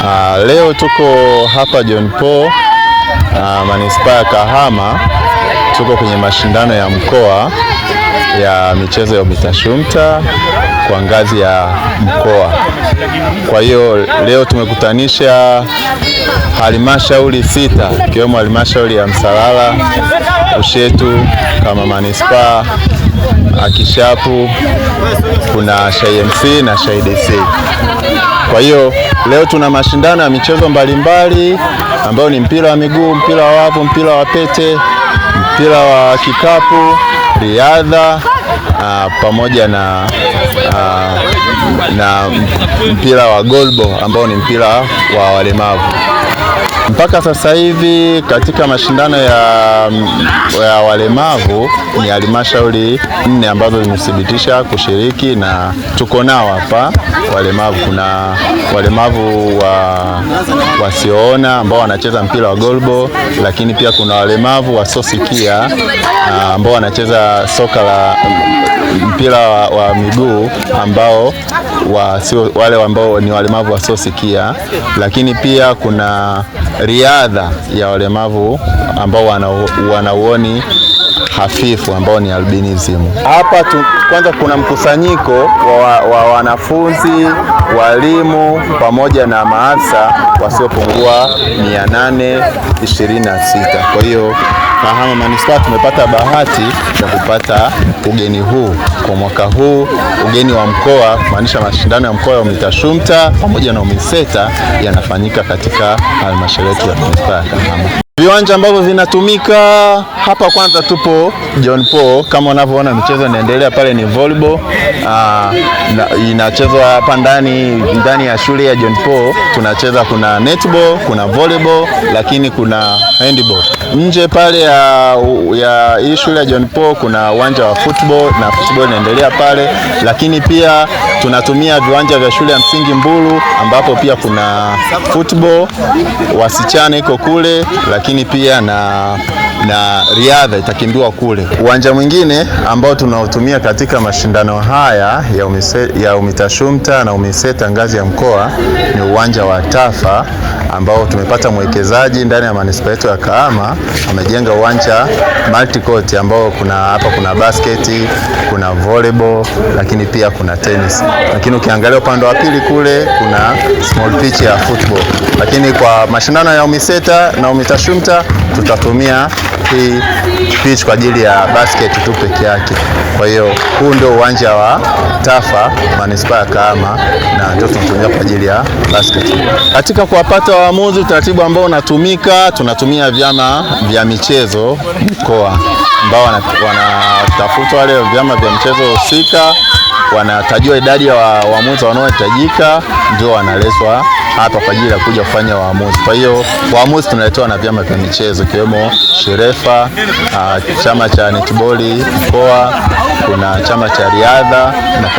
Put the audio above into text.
Uh, leo tuko hapa John Paul uh, manispaa ya Kahama. Tuko kwenye mashindano ya mkoa ya michezo ya UMITASHUMTA kwa ngazi ya mkoa. Kwa hiyo leo tumekutanisha halmashauri sita ikiwemo halmashauri ya Msalala, Ushetu kama manispaa Akishapu, kuna SHA-MC na SHAIDC. Kwa hiyo leo tuna mashindano ya michezo mbalimbali ambayo ni mpira wa miguu, mpira wa wavu, mpira wa pete, mpira wa kikapu, riadha uh, pamoja na uh, na mpira wa golbo ambao ni mpira wa walemavu. Mpaka sasa hivi katika mashindano ya, ya walemavu ni halmashauri nne ambazo zimethibitisha kushiriki na tuko nao hapa walemavu. Kuna walemavu wa wasioona ambao wanacheza mpira wa golbo, lakini pia kuna walemavu wasiosikia ah, ambao wanacheza soka la mpira wa, wa miguu ambao wa, sio, wale ambao ni walemavu wasiosikia, lakini pia kuna riadha ya walemavu ambao wanauoni hafifu ambao ni albinism. Hapa kwanza kuna mkusanyiko wa, wa wanafunzi, walimu pamoja na maafisa wasiopungua 826. Kwa hiyo Kahama manispaa tumepata bahati ya kupata ugeni huu kwa mwaka huu, ugeni wa mkoa, kumaanisha mashindano ya mkoa ya UMITASHUMTA pamoja na UMISETA yanafanyika katika halmashauri yetu ya manispaa ya Kahama. Viwanja ambavyo vinatumika hapa, kwanza tupo John Paul, kama unavyoona michezo inaendelea pale, ni volleyball ah, inachezwa hapa ndani ndani ya shule ya John Paul tunacheza. Kuna netball, kuna volleyball, lakini kuna handball. Nje pale ya, ya hii shule ya John Paul kuna uwanja wa football na football inaendelea pale, lakini pia Tunatumia viwanja vya shule ya msingi Mbulu ambapo pia kuna football wasichana iko kule, lakini pia na na riadha itakimbiwa kule. Uwanja mwingine ambao tunaotumia katika mashindano haya ya, umise, ya UMITASHUMTA na UMISETA ngazi ya mkoa ni uwanja wa Tafa ambao tumepata mwekezaji ndani ya manispaa yetu ya Kahama. Amejenga uwanja multi court ambao kuna hapa kuna basketi, kuna volleyball, lakini pia kuna tenisi lakini ukiangalia upande wa pili kule kuna small pitch ya football. Lakini kwa mashindano ya UMISETA na UMITASHUMTA tutatumia hii pitch kwa ajili ya basket tu peke yake. Kwa hiyo huu ndio uwanja wa TAFA manispaa ya Kahama na ndio tunatumia kwa ajili ya basket. Katika kuwapata waamuzi, utaratibu ambao unatumika, tunatumia vyama vya michezo mkoa ambao wanatafutwa wale vyama vya michezo husika wanatajua idadi ya wa, waamuzi wanaohitajika ndio wanaletwa hapa kwa ajili ya kuja kufanya waamuzi. Kwa hiyo waamuzi tunaletewa na vyama vya michezo ikiwemo Sherefa, ah, chama cha netiboli mkoa, kuna chama cha riadha na